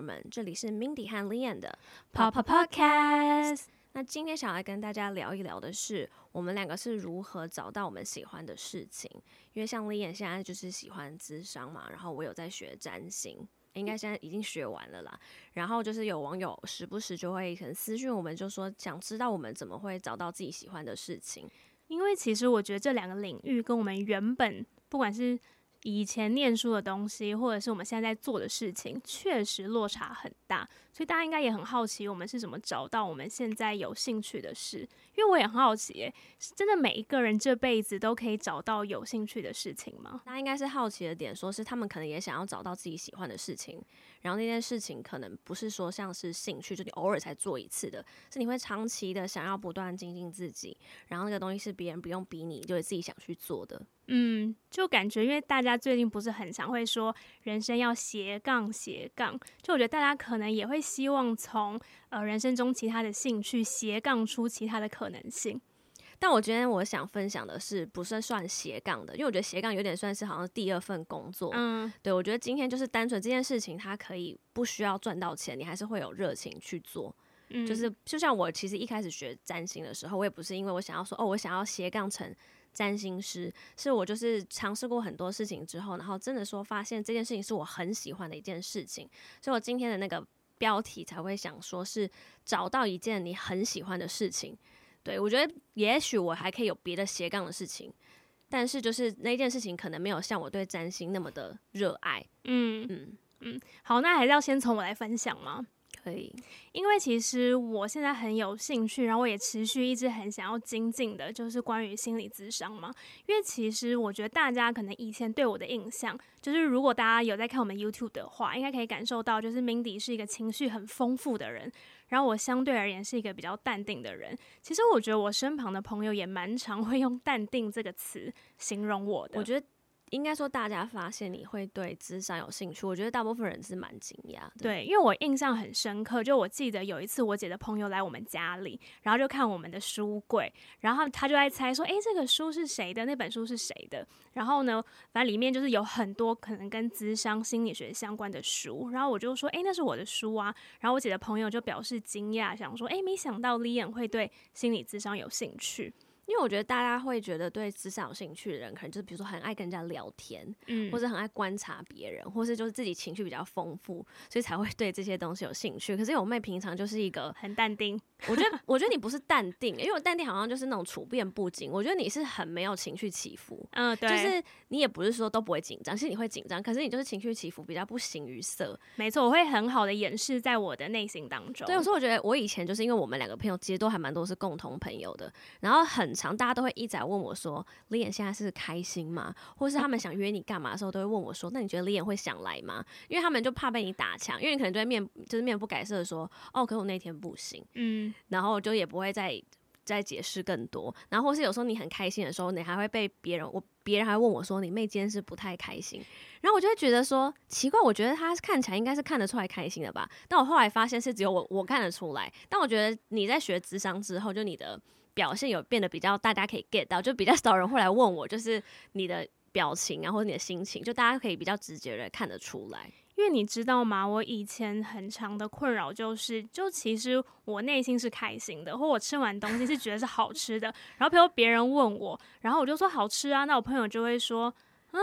們，這裡是 Mindy 和 Lian 的 Pop Pop Podcast，那今天想來跟大家聊一聊的是，我們兩個是如何找到我們喜歡的事情。因為像 Lian 現在就是喜歡諮商嘛，然後我有在學占星，應該現在已經學完了啦。然後就是有網友時不時就會可能私訊我們，就說想知道我們怎麼會找到自己喜歡的事情。因為其實我覺得這兩個領域跟我們原本不管是以前念書的東西，或者是我們現在在做的事情，確實落差很大。所以大家應該也很好奇，我們是怎麼找到我們現在有興趣的事？因為我也很好奇、欸，耶，真的每一個人這輩子都可以找到有興趣的事情嗎？大家應該是好奇的點，說是他們可能也想要找到自己喜歡的事情。然後那件事情可能不是說像是興趣，就你偶爾才做一次的，是你會長期的想要不斷精進自己。然後那個東西是別人不用逼你，就會自己想去做的。嗯，就感覺因為大家最近不是很常會說人生要斜槓斜槓，就我覺得大家可能也會希望從呃人生中其他的興趣斜槓出其他的可能性。但我覺得我想分享的是，不是算斜槓的，因為我覺得斜槓有點算是好像第二份工作。嗯，對，我覺得今天就是單純這件事情，它可以不需要賺到錢，你還是會有熱情去做。嗯，就是就像我其實一開始學占星的時候，我也不是因為我想要說哦，我想要斜槓成占星師，是我就是嘗試過很多事情之後，然後真的說發現這件事情是我很喜歡的一件事情，所以我今天的那個標題才會想說是找到一件你很喜歡的事情。對，我覺得也許我還可以有別的斜槓的事情，但是就是那件事情可能沒有像我對占星那麼的熱愛。嗯嗯嗯，好，那還是要先從我來分享嗎？以，對因為其實我現在很有興趣，然後我也持續一直很想要精進的，就是關於心理諮商嘛。因為其實我覺得大家可能以前對我的印象，就是如果大家有在看我們 YouTube 的話，應該可以感受到，就是 Mindy 是一個情緒很豐富的人，然後我相對而言是一個比較淡定的人。其實我覺得我身旁的朋友也蠻常會用“淡定”這個詞形容我的。我覺得。應該說，大家發現你會對諮商有興趣，我覺得大部分人是蠻驚訝的。對，因為我印象很深刻，就我記得有一次我姐的朋友來我們家裡，然後就看我們的書櫃，然後她就在猜說：“哎、欸，這個書是誰的？那本書是誰的？”然後呢，反正裡面就是有很多可能跟諮商心理學相關的書。然後我就說：“哎、欸，那是我的書啊。”然後我姐的朋友就表示驚訝，想說：“哎、欸，沒想到 Lianne 會對心理諮商有興趣。”因為我覺得大家會覺得對諮商有興趣的人，可能就是比如說很愛跟人家聊天，嗯，或者很愛觀察別人，或是就是自己情緒比較豐富，所以才會對這些東西有興趣。可是我妹平常就是一個很淡定，我覺得我覺得你不是淡定， 因為我淡定好像就是那種處變不驚，我覺得你是很沒有情緒起伏，嗯，對，就是你也不是說都不會緊張，其實你會緊張，可是你就是情緒起伏比較不形於色。沒錯，我會很好的掩飾在我的內心當中。對，所以我覺得我以前就是因為我們兩個朋友其實都還蠻多是共同朋友的，然後很常大家都會一再問我說：“Lianne，現在是開心嗎？”或是他們想約你幹嘛的時候，都會問我說：“啊、那你覺得 Lianne 會想來嗎？”因為他們就怕被你打槍，因為你可能就會面就是面不改色的說：“哦，可我那天不行。”嗯，然後就也不會再再解釋更多。然後或是有時候你很開心的時候，你還會被別人我別人還會問我說：“你妹今天是不太開心。”然後我就會覺得說奇怪，我覺得他看起來應該是看得出來開心的吧？但我後來發現是只有我我看得出來。但我覺得你在學諮商之後，就你的。表現有變得比較，大家可以 get 到，就比較少人會來問我，就是你的表情啊，或者你的心情，就大家可以比較直接的看得出來。因為你知道嗎？我以前很長的困擾就是，就其實我內心是開心的，或我吃完東西是覺得是好吃的， 然後比如別人問我，然後我就說好吃啊，那我朋友就會說，嗯。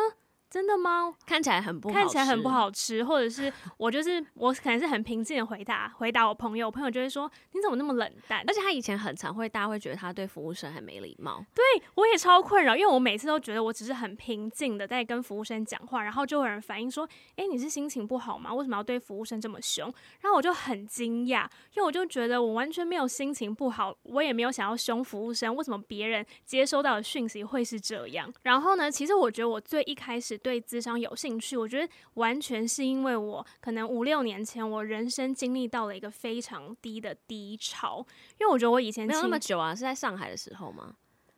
真的嗎？看起來很不看起來很不好吃，好吃 或者是我就是我可能是很平靜的回答回答我朋友，我朋友就會說，你怎麼那麼冷淡？而且他以前很常會，大家會覺得他對服務生很沒禮貌。對，我也超困擾，因為我每次都覺得我只是很平靜的在跟服務生講話，然後就有人反映說：“哎、欸，你是心情不好嗎？為什麼要對服務生這麼凶？”然後我就很驚訝，因為我就覺得我完全沒有心情不好，我也沒有想要凶服務生，為什麼別人接收到的訊息會是這樣？然後呢，其實我覺得我最一開始。對諮商有興趣，我覺得完全是因為我可能五六年前，我人生經歷到了一個非常低的低潮。因為我覺得我以前沒有那麼久啊，是在上海的時候嗎？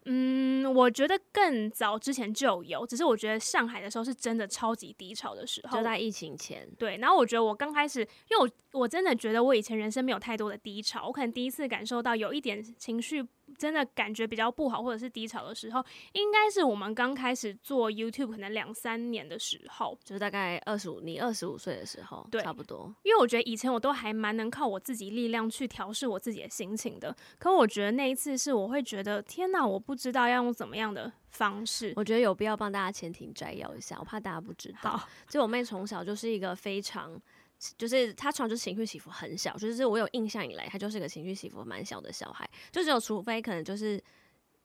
嗯，我覺得更早之前就有，只是我覺得上海的時候是真的超級低潮的時候。就在疫情前。對，然後我覺得我剛開始，因為我我真的覺得我以前人生沒有太多的低潮，我可能第一次感受到有一點情緒。真的感覺比較不好，或者是低潮的時候，應該是我們剛開始做 YouTube 可能兩三年的時候，就是大概二十五，你二十五歲的時候，對，差不多。因為我覺得以前我都還蠻能靠我自己力量去調適我自己的心情的，可我覺得那一次是我會覺得天哪，我不知道要用怎麼樣的方式。我覺得有必要幫大家前情摘要一下，我怕大家不知道。好就我妹從小就是一個非常。就是他常常就是情緒起伏很小，就是我有印象以來，他就是一個情緒起伏蠻小的小孩。就只有除非可能就是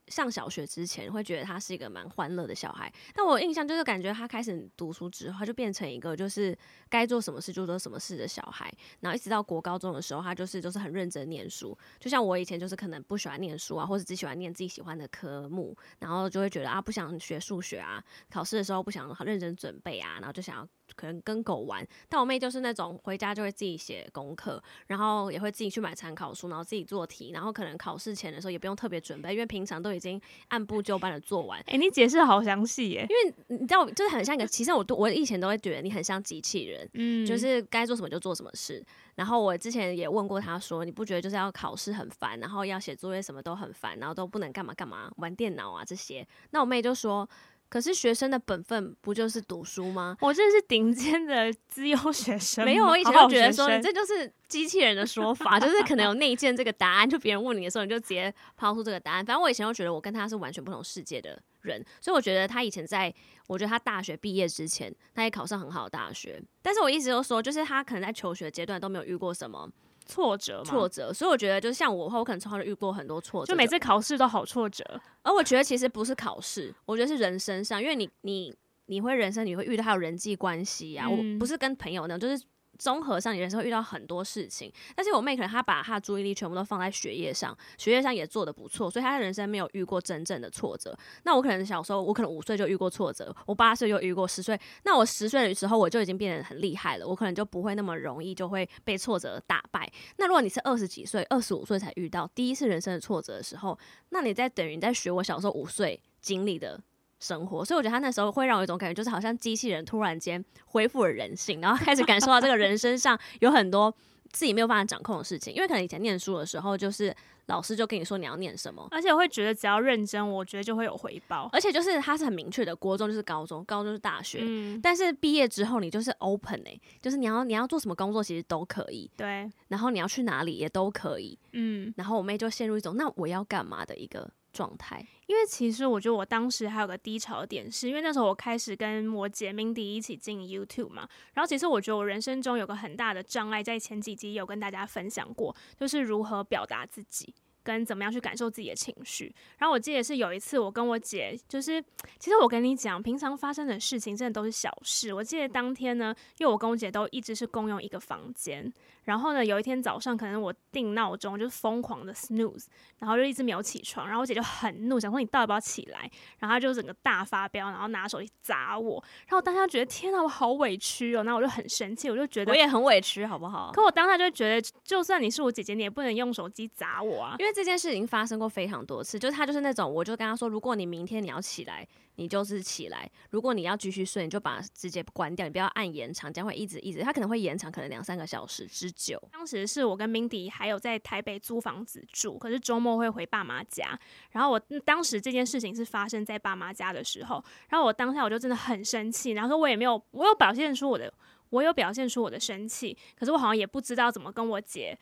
上小學之前，會覺得他是一個蠻歡樂的小孩。但我印象就是感覺他開始讀書之後，他就變成一個就是該做什麼事就做什麼事的小孩。然後一直到國高中的時候，他就是就是很認真唸書。就像我以前就是可能不喜歡唸書啊，或者只喜歡唸自己喜歡的科目，然後就會覺得啊不想學數學啊，考試的時候不想很認真準備啊，然後就想要。可能跟狗玩，但我妹就是那種回家就會自己寫功課，然後也會自己去買參考書，然後自己做題，然後可能考試前的時候也不用特別準備，因為平常都已經按部就班的做完。誒、欸，你解釋得好詳細耶！因為你知道，就是很像一個，其實我我以前都會覺得你很像機器人，嗯，就是該做什麼就做什麼事。然後我之前也問過她說，你不覺得就是要考試很煩，然後要寫作業什麼都很煩，然後都不能幹嘛幹嘛玩電腦啊這些？那我妹就說。可是學生的本分不就是讀書嗎？我真的是頂尖的資優學生。 沒有，我以前就覺得說，這就是機器人的說法，好好就是可能有內建這個答案， 就別人問你的時候，你就直接拋出這個答案。反正我以前就覺得，我跟他是完全不同世界的人，所以我覺得他以前在，我覺得他大學畢業之前，他也考上很好的大學，但是我一直都說，就是他可能在求學階段都沒有遇過什麼。挫折，挫折。所以我覺得，就像我的話，我可能從小遇過很多挫折，就每次考試都好挫折。而我覺得其實不是考試，我覺得是人生上，因為你，你，你會人生，你會遇到還有人際關係呀、啊。嗯，我不是跟朋友那種，就是。綜合上，你人生會遇到很多事情，但是我妹可能她把她的注意力全部都放在學業上，學業上也做得不錯，所以她的人生沒有遇過真正的挫折。那我可能小時候，我可能五歲就遇過挫折，我八歲就遇過，十歲，那我十歲的時候我就已經變得很厲害了，我可能就不會那麼容易就會被挫折打敗。那如果你是二十幾歲、二十五歲才遇到第一次人生的挫折的時候，那你在等於你在學我小時候五歲經歷的。生活，所以我覺得他那時候會讓我有一種感覺，就是好像機器人突然間恢復了人性，然後開始感受到這個人身上有很多自己沒有辦法掌控的事情。 因為可能以前念書的時候，就是老師就跟你說你要念什麼，而且我會覺得只要認真，我覺得就會有回報。而且就是他是很明確的，國中就是高中，高中是大學，嗯、但是畢業之後，你就是 open、欸、就是你要你要做什麼工作，其實都可以。對。然後你要去哪裡也都可以。嗯。然後我妹就陷入一種那我要幹嘛的一個。狀態，因為其實我覺得我當時還有個低潮點，是因為那時候我開始跟我姐 Mindy 一起進 YouTube 嘛，然後其實我覺得我人生中有個很大的障礙，在前幾集有跟大家分享過，就是如何表達自己，跟怎麼樣去感受自己的情緒。然後我記得是有一次我跟我姐，就是其實我跟你講，平常發生的事情真的都是小事。我記得當天呢，因為我跟我姐都一直是共用一個房間。然後呢，有一天早上，可能我定鬧鐘就是瘋狂的 snooze，然後就一直沒有起床。然後我姐就很怒，想說，你到底要不要起來？然後她就整個大發飆，然後拿手機砸我。然後我當下覺得天哪，我好委屈哦。那我就很生氣，我就覺得我也很委屈，好不好？可我當下就覺得，就算你是我姐姐，你也不能用手機砸我啊！因為這件事情發生過非常多次，就她就是那種，我就跟她說，如果你明天你要起來。你就是起來，如果你要繼續睡，你就把它直接關掉，你不要按延長，這樣會一直一直，它可能會延長可能兩三個小時之久。當時是我跟 Mindy 還有在台北租房子住，可是週末會回爸媽家。然後我當時這件事情是發生在爸媽家的時候，然後我當下我就真的很生氣，然後說我也沒有，我有表現出我的，我有表現出我的生氣，可是我好像也不知道怎麼跟我姐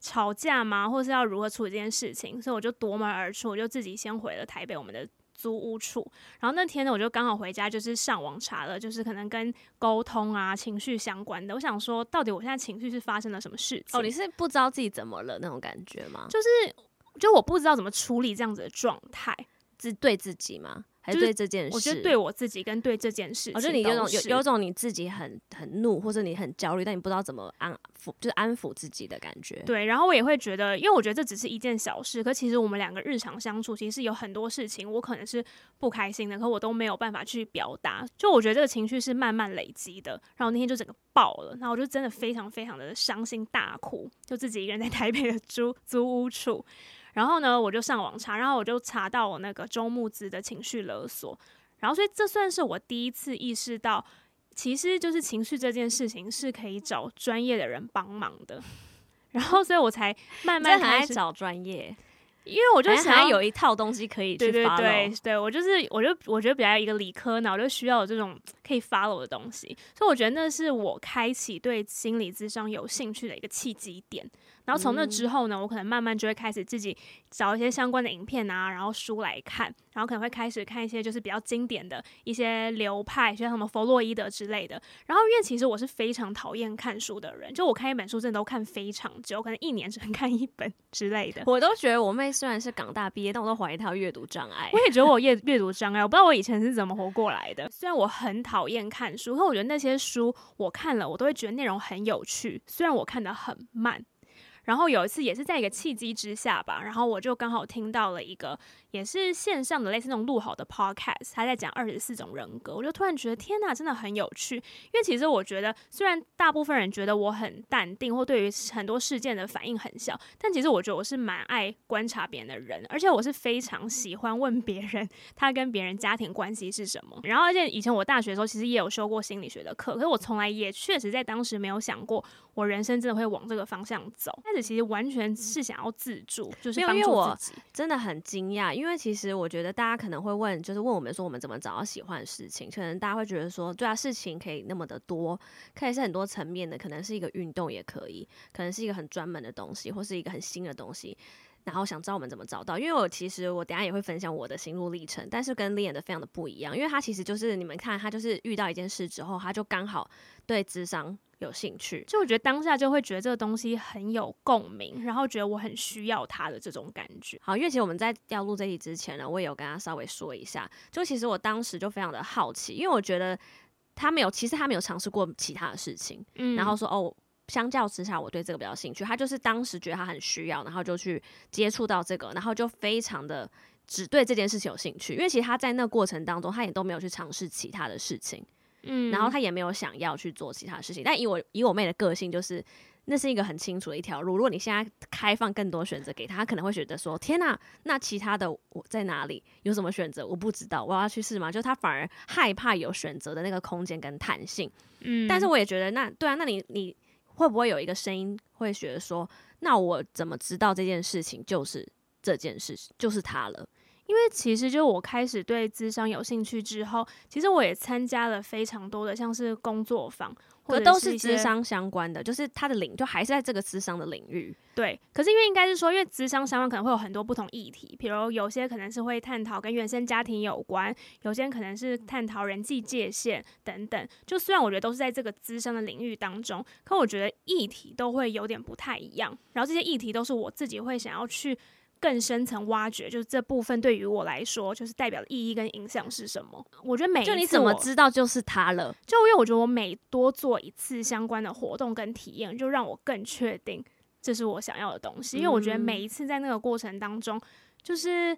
吵架嗎，或是要如何處理這件事情，所以我就奪門而出，我就自己先回了台北我們的租屋處，然後那天呢，我就剛好回家，就是上網查了，就是可能跟溝通啊、情緒相關的。我想說，到底我現在情緒是發生了什麼事情？哦，你是不知道自己怎麼了那種感覺嗎？就是，就我不知道怎麼處理這樣子的狀態，是對自己嗎？還是對這件事，我覺得對我自己跟對這件事情、哦，情、就、都、是、你有一種是有，有一種你自己很很怒，或者你很焦慮，但你不知道怎麼安撫，就是安撫自己的感覺。對，然後我也會覺得，因為我覺得這只是一件小事，可其實我們兩個日常相處，其實有很多事情我可能是不開心的，可我都沒有辦法去表達。就我覺得這個情緒是慢慢累積的，然後那天就整個爆了，那我就真的非常非常的傷心大哭，就自己一個人在台北的租租屋處。然後呢，我就上網查，然後我就查到我那個周慕姿的情緒勒索，然後所以這算是我第一次意識到，其實就是情緒這件事情是可以找專業的人幫忙的。然後所以我才慢慢開始找專業，因為我就想要還還有一套東西可以去 follow。對，對，對，對，我就是，我就我覺得比較一個理科，腦，就需要有這種可以 follow 的東西，所以我覺得那是我開啟對心理諮商有興趣的一個契機點。然後從那之後呢，我可能慢慢就會開始自己找一些相關的影片啊，然後書來看，然後可能會開始看一些就是比較經典的一些流派，像什麼弗洛伊德之類的。然後因為其實我是非常討厭看書的人，就我看一本書，真的都看非常久，可能一年只能看一本之類的。我都覺得我妹雖然是港大畢業，但我都懷疑她有閱讀障礙。我也覺得我閱閱讀障礙，我不知道我以前是怎麼活過來的。雖然我很討厭看書，可我覺得那些書我看了，我都會覺得內容很有趣，雖然我看得很慢。然後有一次也是在一個契機之下吧，然後我就剛好聽到了一個，也是線上的，類似那種錄好的 Podcast，他在講二十四種人格，我就突然覺得天吶，真的很有趣。因為其實我覺得，雖然大部分人覺得我很淡定，或對於很多事件的反應很小，但其實我覺得我是蠻愛觀察別人的人，而且我是非常喜歡問別人他跟別人家庭關係是什麼。然後，而且以前我大學的時候，其實也有修過心理學的課，可是我從來也確實在當時沒有想過，我人生真的會往這個方向走。開始其實完全是想要自助，嗯、就是因為我真的很驚訝，因為其實我覺得大家可能會問，就是問我們說我們怎麼找到喜歡的事情。可能大家會覺得說，對啊，事情可以那麼的多，可以是很多層面的，可能是一個運動也可以，可能是一個很專門的東西，或是一個很新的東西。然後想知道我們怎麼找到，因為我其實我等一下也會分享我的心路歷程，但是跟 Lianne 的非常的不一樣，因為他其實就是你們看他就是遇到一件事之後，他就剛好對諮商有興趣，就我覺得當下就會覺得這個東西很有共鳴，然後覺得我很需要他的這種感覺。好，因為其實我們在要錄這集之前呢，我也有跟他稍微說一下，就其實我當時就非常的好奇，因為我覺得他沒有，其實他沒有嘗試過其他的事情，嗯，然後說哦。相較之下，我對這個比較興趣。他就是當時覺得他很需要，然後就去接觸到這個，然後就非常的只對這件事情有興趣。因為其實他在那個過程當中，他也都沒有去嘗試其他的事情，嗯，然後他也沒有想要去做其他的事情。嗯，但以我以我妹的個性，就是那是一個很清楚的一條路。如果你現在開放更多選擇給他，他可能會覺得說：“天哪、啊，那其他的我在哪裡有什麼選擇？我不知道，我要去試嗎？”就他反而害怕有選擇的那個空間跟彈性。嗯，但是我也覺得那，那對啊，那你你。會不會有一個聲音會覺得說：“那我怎麼知道這件事情就是這件事就是他了？”因為其實就我開始對諮商有興趣之後，其實我也參加了非常多的像是工作坊。可都是諮商相關的，是就是他的領就還是在這個諮商的領域。對，可是因為應該是說，因為諮商相關可能會有很多不同議題，比如有些可能是會探討跟原生家庭有關，有些可能是探討人際界限等等。就雖然我覺得都是在這個諮商的領域當中，可我覺得議題都會有點不太一樣。然後這些議題都是我自己會想要去。更深層挖掘，就是這部分對於我來說，就是代表的意義跟影響是什麼？我覺得每次就你怎麼知道就是它了？就因為我覺得我每多做一次相關的活動跟體驗，就讓我更確定這是我想要的東西。嗯。因為我覺得每一次在那個過程當中，就是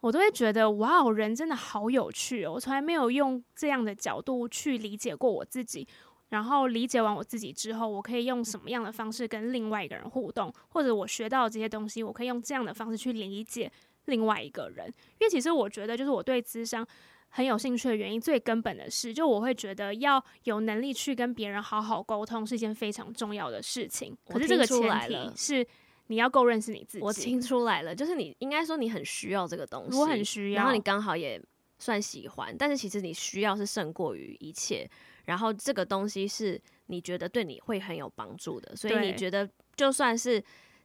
我都會覺得哇，人真的好有趣哦！我從來沒有用這樣的角度去理解過我自己。然後理解完我自己之後，我可以用什麼樣的方式跟另外一個人互動？嗯、或者我學到這些東西，我可以用這樣的方式去理解另外一個人。因為其實我覺得，就是我對諮商很有興趣的原因，嗯、最根本的是，就我會覺得要有能力去跟別人好好溝通是一件非常重要的事情。可是這個前提是你要夠認識你自己。我聽出來了，就是你應該說你很需要這個東西，我很需要，然後你剛好也算喜歡，但是其實你需要是勝過於一切。然後這個東西是你覺得對你會很有幫助的，所以你覺得就算是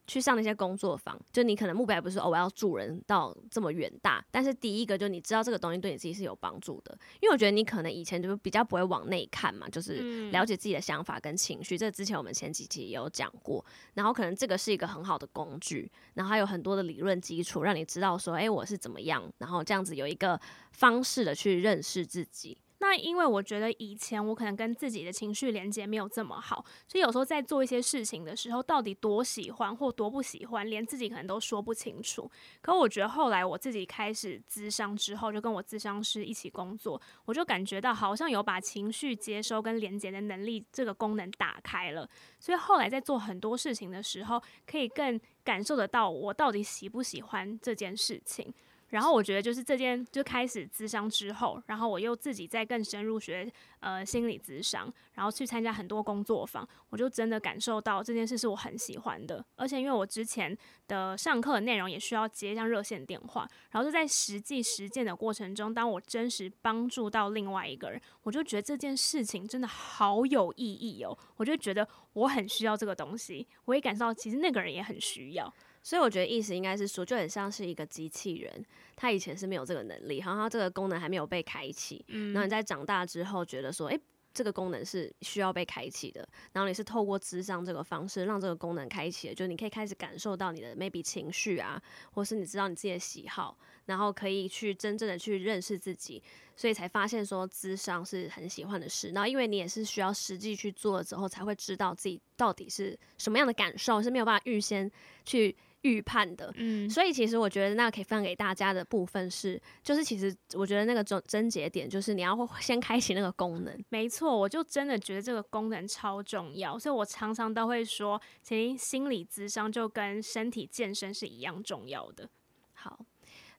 去上那些工作坊，對就你可能目標不是我要助人到這麼遠大，但是第一個就你知道這個東西對你自己是有幫助的，因為我覺得你可能以前就是比較不會往內看嘛，就是了解自己的想法跟情緒，嗯、這之前我們前幾期、期也有講過。然後可能這個是一個很好的工具，然後還有很多的理論基礎，讓你知道說，哎，我是怎麼樣，然後這樣子有一個方式的去認識自己。那因為我覺得以前我可能跟自己的情緒連接沒有這麼好，所以有時候在做一些事情的時候，到底多喜歡或多不喜歡，連自己可能都說不清楚。可我覺得後來我自己開始諮商之後，就跟我諮商師一起工作，我就感覺到好像有把情緒接收跟連接的能力這個功能打開了。所以後來在做很多事情的時候，可以更感受得到我到底喜不喜歡這件事情。然後我覺得就是這件就開始諮商之後，然後我又自己再更深入學呃心理諮商，然後去參加很多工作坊，我就真的感受到這件事是我很喜歡的。而且因為我之前的上課的內容也需要接一下熱線電話，然後就在實際實踐的過程中，當我真實幫助到另外一個人，我就覺得這件事情真的好有意義哦。我就覺得我很需要這個東西，我也感受到其實那個人也很需要。所以我覺得意思應該是說，就很像是一個機器人，它以前是沒有這個能力，然後它這個功能還沒有被開啟。嗯，然後你在長大之後覺得說，誒、欸，這個功能是需要被開啟的，然後你是透過諮商這個方式讓這個功能開啟的，就你可以開始感受到你的 maybe 情緒啊，或是你知道你自己的喜好，然後可以去真正的去認識自己，所以才發現說諮商是很喜歡的事。然後因為你也是需要實際去做了之後，才會知道自己到底是什麼樣的感受，是沒有辦法預先去。預判的，嗯，所以其實我覺得那個可以分給大家的部分是，就是其實我覺得那個癥結點就是你要先開啟那個功能。沒錯，我就真的覺得這個功能超重要，所以我常常都會說，其實心理諮商就跟身體健身是一樣重要的。好，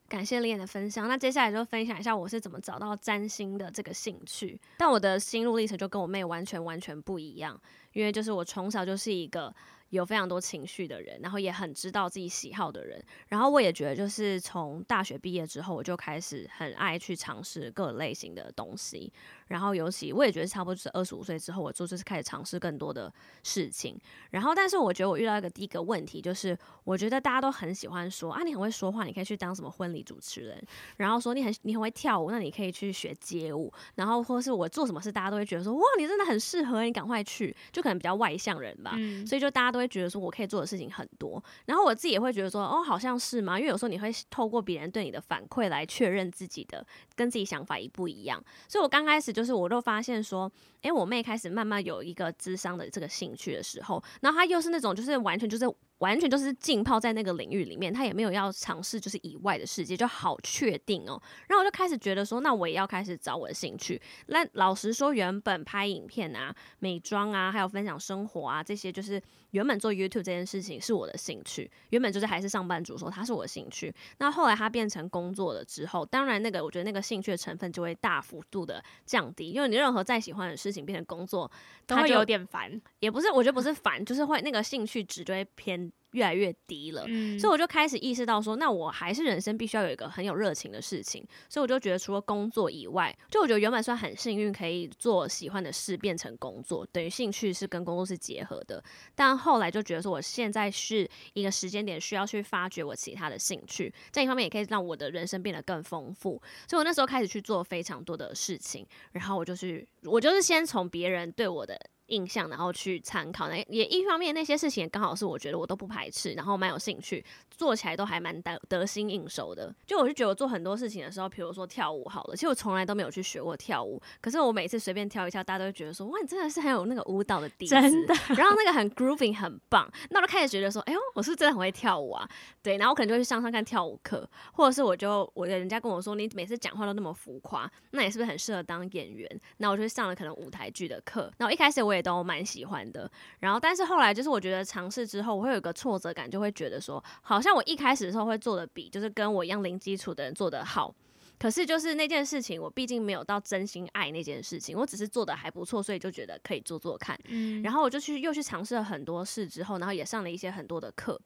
感謝 Lianne 的分享，那接下來就分享一下我是怎麼找到占星的這個興趣。但我的心路歷程就跟我妹完全完全不一樣，因為就是我從小就是一個。有非常多情緒的人，然後也很知道自己喜好的人，然後我也覺得，就是從大學畢業之後，我就開始很愛去嘗試各類型的東西。然後尤其我也覺得差不多就是二十五歲之後，我就，就是開始嘗試更多的事情。然後，但是我覺得我遇到一個第一個問題，就是我覺得大家都很喜歡說啊，你很會說話，你可以去當什麼婚禮主持人。然後說你很你很會跳舞，那你可以去學街舞。然後或者是我做什麼事，大家都會覺得說哇，你真的很適合，你趕快去。就可能比較外向人吧，嗯、所以就大家都會覺得說我可以做的事情很多。然後我自己也會覺得說哦，好像是嗎？因為有時候你會透過別人對你的反饋來確認自己的，跟自己想法一不一樣。所以我剛開始覺得。就是我都發現說，哎、欸，我妹開始慢慢有一個諮商的這個興趣的時候，然後她又是那種就是完全就是。完全就是浸泡在那個領域裡面，他也沒有要嘗試就是以外的世界，就好確定哦。然後我就開始覺得說，那我也要開始找我的興趣。那老實說，原本拍影片啊、美妝啊，還有分享生活啊這些，就是原本做 YouTube 這件事情是我的興趣。原本就是還是上班族，說他是我的興趣。那後來他變成工作了之後，當然那個我覺得那個興趣的成分就會大幅度的降低，因為你任何再喜歡的事情變成工作，都會有點煩。也不是，我覺得不是煩，就是會那個興趣值就會偏越來越低了，嗯、所以我就開始意識到說，那我還是人生必須要有一個很有熱情的事情，所以我就覺得除了工作以外，就我覺得原本算很幸運可以做喜歡的事變成工作，等於興趣是跟工作是結合的，但後來就覺得說我現在是一個時間點需要去發掘我其他的興趣，這一方面也可以讓我的人生變得更豐富，所以我那時候開始去做非常多的事情，然後我就是我就是先從別人對我的。印象，然後去參考那演藝方面那些事情，剛好是我覺得我都不排斥，然後蠻有興趣，做起來都還蠻得得心應手的。就我就覺得我做很多事情的時候，比如說跳舞好了，其實我從來都沒有去學過跳舞，可是我每次隨便跳一跳，大家都會覺得說哇，你真的是很有那個舞蹈的底子，的然後那個很 grooving 很棒。那我就開始覺得說，哎呦，我是，是真的很會跳舞啊。對，然後我可能就會去上上看跳舞課，或者是我就我人家跟我說你每次講話都那麼浮誇，那你是不是很適合當演員？那我就上了可能舞台劇的課。那我一開始我也。都蠻喜歡的，然後但是後來就是我覺得嘗試之後，我會有一個挫折感，就會覺得說，好像我一開始的時候會做的比就是跟我一樣零基礎的人做的好，可是就是那件事情，我畢竟沒有到真心愛那件事情，我只是做的還不錯，所以就覺得可以做做看。嗯，然後我就去又去嘗試了很多事之後，然後也上了一些很多的課，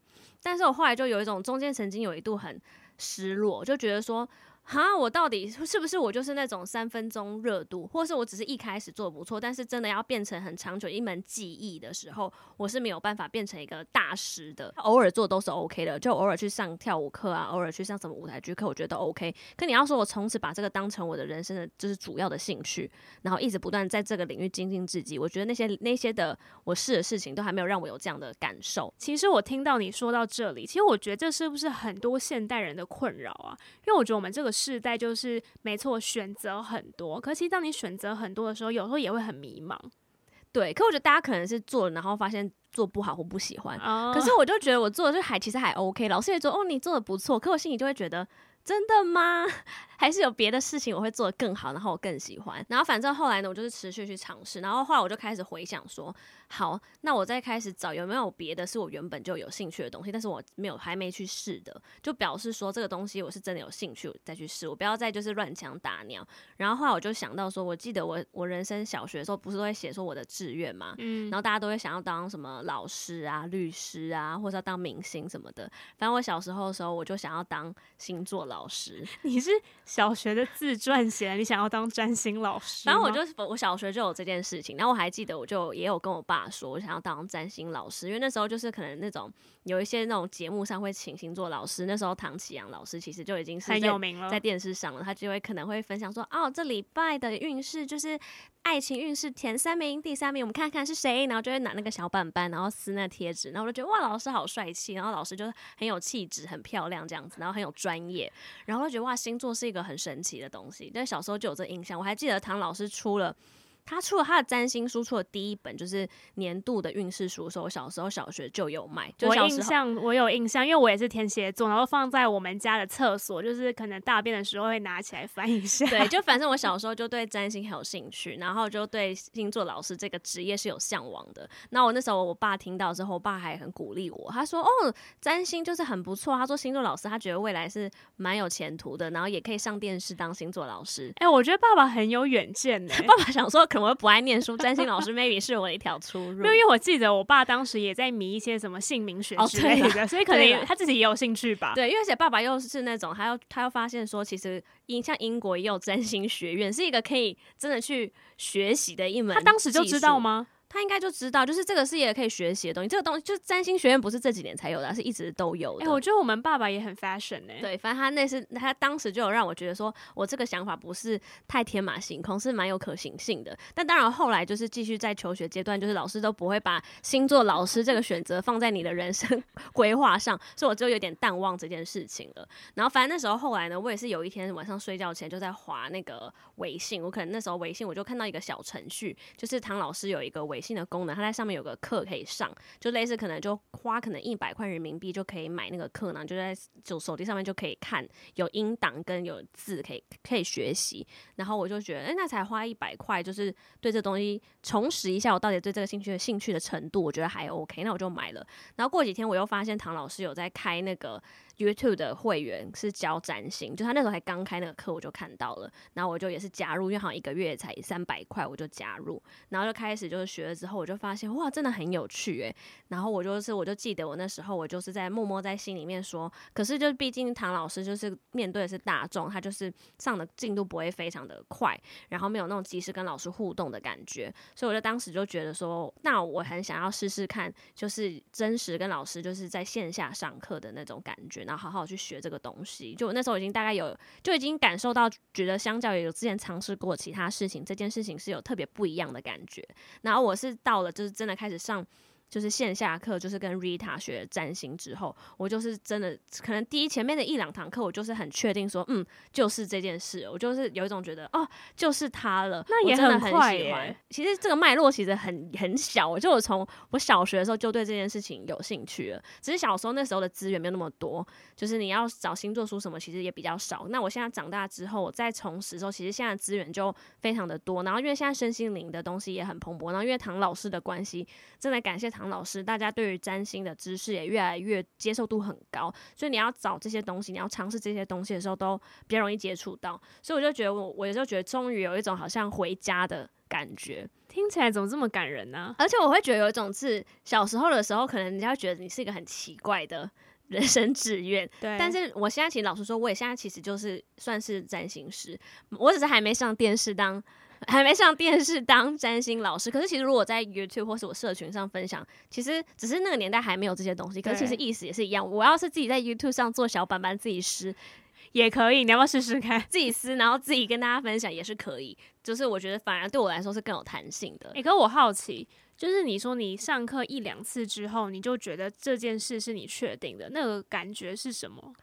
但是我後來就有一種中間曾經有一度很失落，就覺得說。哈，我到底是不是我就是那種三分鐘熱度，或者是我只是一開始做不錯，但是真的要變成很長久一門技藝的時候，我是沒有辦法變成一個大師的。偶爾做都是 OK 的，就偶爾去上跳舞課啊，偶爾去上什麼舞台劇課，我覺得都 OK。可你要說我從此把這個當成我的人生的就是主要的興趣，然後一直不斷在這個領域精進自己，我覺得那些那些的我試的事情都還沒有讓我有這樣的感受。其實我聽到你說到這裡，其實我覺得這是不是很多現代人的困擾啊？因為我覺得我們這個。是在就是沒錯，選擇很多。可其實當你選擇很多的時候，有時候也會很迷茫。對，可我覺得大家可能是做了，然後發現做不好或不喜歡。Oh. 可是我就覺得我做的就還其實還 OK，老師也說哦，你做的不錯。可我心裡就會覺得，真的嗎？還是有別的事情我會做得更好，然後我更喜歡。然後反正後來呢，我就是持續去嘗試。然後後來我就開始回想說，好，那我再開始找有沒有別的是我原本就有興趣的東西，但是我沒有還沒去試的，就表示說這個東西我是真的有興趣，我再去試。我不要再就是亂槍打鳥。然後後來我就想到說，我記得我我人生小學的時候不是都會寫說我的志願嘛？嗯，然後大家都會想要當什麼老師啊、律師啊，或者要當明星什麼的。反正我小時候的時候我就想要當星座老師。你是小學的自傳寫你想要當占星老師？反正我就是我小學就有這件事情。然後我還記得我就也有跟我爸。說，我想要當占星老師，因為那時候就是可能那種有一些那種節目上會請星座老師，那時候唐綺陽老師其實就已經是很有名了，在電視上了，他就會可能會分享說，哦，這禮拜的運勢就是愛情運勢前三名，第三名我們看看是誰，然後就會拿那個小板板，然後撕那貼紙，然後我就覺得哇，老師好帥氣，然後老師就是很有氣質，很漂亮這樣子，然後很有專業，然後就覺得哇，星座是一個很神奇的東西，但小時候就有這印象，我還記得唐老師出了。他出了他的占星書，出了第一本就是年度的運勢書的時候，我小時候小學就有賣。就我印象，我有印象，因為我也是天蠍座，然後放在我們家的廁所，就是可能大便的時候會拿起來翻一下。對，就反正我小時候就對占星很有興趣， 然後就對星座老師這個職業是有嚮往的。那我那時候我爸聽到之後，我爸還很鼓勵我，他說：“哦，占星就是很不錯。”他說星座老師，他覺得未來是蠻有前途的，然後也可以上電視當星座老師。哎、欸，我覺得爸爸很有遠見呢、欸。爸爸想說。可能我不愛念書，占星老師 maybe 是我的一條出路，因為我記得我爸當時也在迷一些什麼姓名學之類的，哦啊、所以可能、啊、他自己也有興趣吧。對，因而且爸爸又是那種，他又他又發現說，其實英像英國也有占星學院，是一個可以真的去學習的一門。他當時就知道嗎？他應該就知道，就是這個是也可以學習的東西。這個東西就是占星學院不是這幾年才有的，啊，是一直都有的。哎，欸，我覺得我們爸爸也很 fashion 呢，欸，對，反正他那是他當時就有讓我覺得說，我這個想法不是太天馬行空，是蠻有可行性的。但當然後來就是繼續在求學階段，就是老師都不會把星座老師這個選擇放在你的人生規劃上，所以我就有點淡忘這件事情了。然後反正那時候後來呢，我也是有一天晚上睡覺前就在滑那個微信，我可能那時候微信我就看到一個小程序，就是唐老師有一個微信。新的功能，它在上面有個課可以上，就類似可能就花可能一百塊人民幣就可以買那個課呢，就在手就手機上面就可以看，有音檔跟有字可，可以可以學習。然後我就覺得，誒、欸，那才花一百塊，就是對這東西重拾一下我到底對這個興趣的興趣的程度，我覺得還 OK，那我就買了。然後過幾天我又發現唐老師有在開那個。YouTube 的會員是教占星，就他那時候還剛開那個課，我就看到了，然後我就也是加入，因為好像一個月才三百塊，我就加入，然後就開始就是學了之後，我就發現哇，真的很有趣哎，然後我就是我就記得我那時候我就是在默默在心裡面說，可是就畢竟唐老師就是面對的是大眾，他就是上的進度不會非常的快，然後沒有那種即時跟老師互動的感覺，所以我就當時就覺得說，那我很想要試試看，就是真實跟老師就是在線下上課的那種感覺。然後好好去學這個東西，就我那時候已經大概有就已經感受到，覺得相較於有之前嘗試過其他事情，這件事情是有特別不一樣的感覺。然後我是到了就是真的開始上。就是線下課，就是跟 Rita 學占星之後，我就是真的可能第一前面的一兩堂課，我就是很確定說，嗯，就是這件事，我就是有一種覺得，哦，就是他了。那也我真的很喜歡。很快欸、其實這個脈絡其實很很小，就我就從我小學的時候就對這件事情有興趣了。只是小時候那時候的資源沒有那麼多，就是你要找星座書什麼，其實也比較少。那我現在長大之後，我再重拾的時候，其實現在資源就非常的多。然後因為現在身心靈的東西也很蓬勃，然後因為唐老師的關係，真的感謝唐。楊老師，大家對於占星的知識也越來越接受度很高，所以你要找這些東西，你要嘗試這些東西的時候都比較容易接觸到。所以我就覺得，我我就覺得，終於有一種好像回家的感覺。聽起來怎麼這麼感人呢啊？而且我會覺得有一種是小時候的時候，可能人家會覺得你是一個很奇怪的人生志願。對。但是我現在其實老實說，我也現在其實就是算是占星師，我只是還沒上電視當。還沒上電視當占星老師，可是其實如果在 YouTube 或是我社群上分享，其實只是那個年代還沒有這些東西，可是其實意思也是一樣。對我要是自己在 YouTube 上做小板板自己撕也可以，你要不要試試看自己撕，然後自己跟大家分享也是可以。就是我覺得反而對我來說是更有彈性的。哎、欸，可是我好奇，就是你說你上課一兩次之後，你就覺得這件事是你確定的，那個感覺是什麼？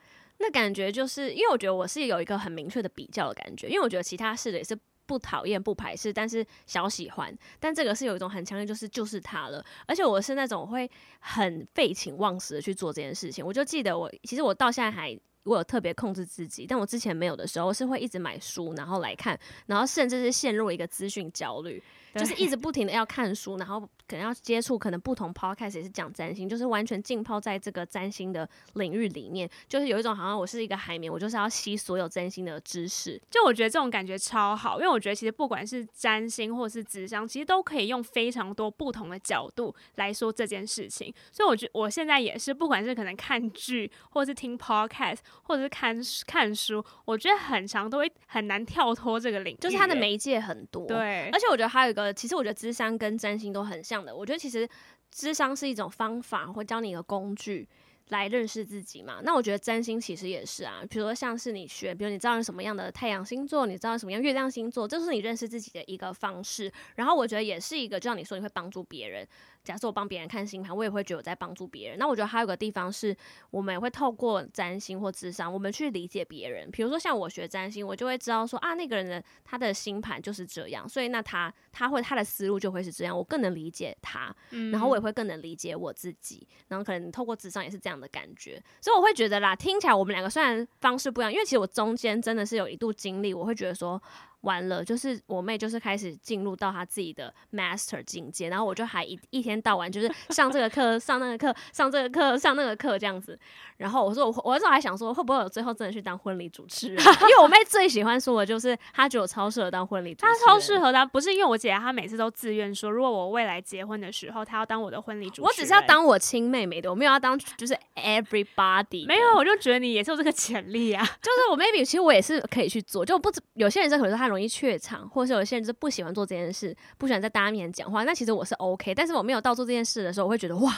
那感覺就是因為我覺得我是有一個很明確的比較的感覺，因為我覺得其他事的也是。不討厭不排斥，但是小喜歡，但這個是有一種很強烈，就是就是他了。而且我是那種會很廢寢忘食的去做這件事情。我就記得我，其實我到現在還我有特別控制自己，但我之前沒有的時候，我是會一直買書然後來看，然後甚至是陷入一個資訊焦慮，對就是一直不停的要看書，然後。可能要接觸可能不同 podcast 也是講占星，就是完全浸泡在這個占星的領域裡面，就是有一種好像我是一個海綿，我就是要吸所有占星的知識。就我覺得這種感覺超好，因為我覺得其實不管是占星或是諮商，其實都可以用非常多不同的角度來說這件事情。所以我覺我現在也是，不管是可能看劇，或者是聽 podcast，或者是看看書，我覺得很常都會很難跳脫這個領域，就是它的媒介很多。對，而且我覺得還有一個，其實我覺得諮商跟占星都很像。我覺得其實諮商是一種方法，會教你一個工具來認識自己嘛。那我覺得占星其實也是啊，比如說像是你學，比如你知道你什麼樣的太陽星座，你知道什麼樣月亮星座，這是你認識自己的一個方式。然後我覺得也是一個，就像你說，你會幫助別人。假設我幫別人看星盤，我也會覺得我在幫助別人。那我覺得還有一個地方是我們也會透過占星或諮商，我們去理解別人。比如說像我學占星，我就會知道說啊，那個人的他的星盤就是這樣，所以那他他會他的思路就會是這樣，我更能理解他。嗯，然後我也會更能理解我自己。然後可能透過諮商也是這樣的感覺，所以我會覺得啦，聽起來我們兩個雖然方式不一樣，因為其實我中間真的是有一度經歷，我會覺得說。完了，就是我妹，就是開始進入到她自己的 master 境界，然後我就還一一天到晚就是上這個課、上那個課、上這個課、上那個課這樣子。然後我說我，我那時候還想說，會不會我最後真的去當婚禮主持人？ 因為我妹最喜歡說的就是她覺得我超適合當婚禮主持她超適合她、啊，不是因為我姐姐，她每次都自願說，如果我未來結婚的時候，她要當我的婚禮主持人。我只是要當我親妹妹的，我沒有要當就是 everybody。沒有，我就覺得你也是有這個潛力啊。就是我 maybe，其實我也是可以去做，就不止有些人說可能說他容易。沒怯場，或者是有些人是不喜歡做這件事，不喜歡在大家面前講話。那其實我是 OK，但是我沒有到做這件事的時候，我會覺得哇，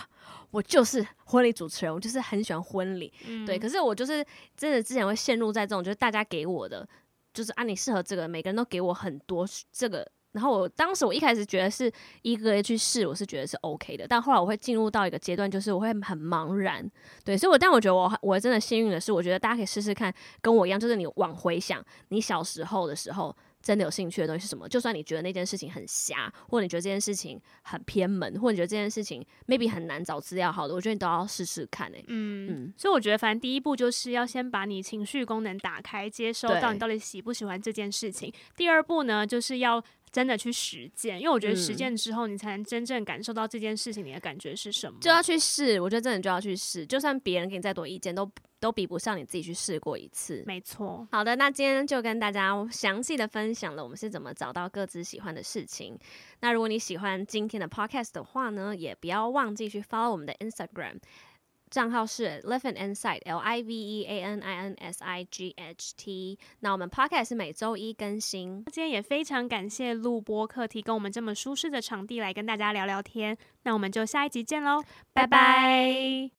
我就是婚禮主持人，我就是很喜歡婚禮，嗯、對。可是我就是真的之前會陷入在這種，就是大家給我的，就是啊，你適合這個，每個人都給我很多這個。然後我當時我一開始覺得是一個個去試，我是覺得是 OK 的，但後來我會進入到一個階段，就是我會很茫然，對。所以我，我但我覺得我我真的幸運的是，我覺得大家可以試試看，跟我一樣，就是你往回想你小時候的時候。真的有興趣的東西是什麼？就算你覺得那件事情很瞎，或者你覺得這件事情很偏門，或者你覺得這件事情 maybe 很難找資料，好的，我覺得你都要試試看哎、欸。嗯嗯，嗯所以我覺得反正第一步就是要先把你情緒功能打開，接收到你到底喜不喜歡這件事情。對第二步呢，就是要。真的去實踐，因為我覺得實踐之後，你才能真正感受到這件事情你的感覺是什麼？嗯，就要去試，我覺得真的就要去試，就算別人給你再多意見，都都比不上你自己去試過一次。沒錯。好的，那今天就跟大家詳細的分享了我們是怎麼找到各自喜歡的事情。那如果你喜歡今天的 podcast 的話呢，也不要忘記去 follow 我們的 Instagram。賬號是 Live an Insight L I V E A N I N S I G H T。那我們 Podcast 是每周一更新。今天也非常感謝錄播客提供我們這麼舒適的場地來跟大家聊聊天。那我們就下一集見嘍，拜拜。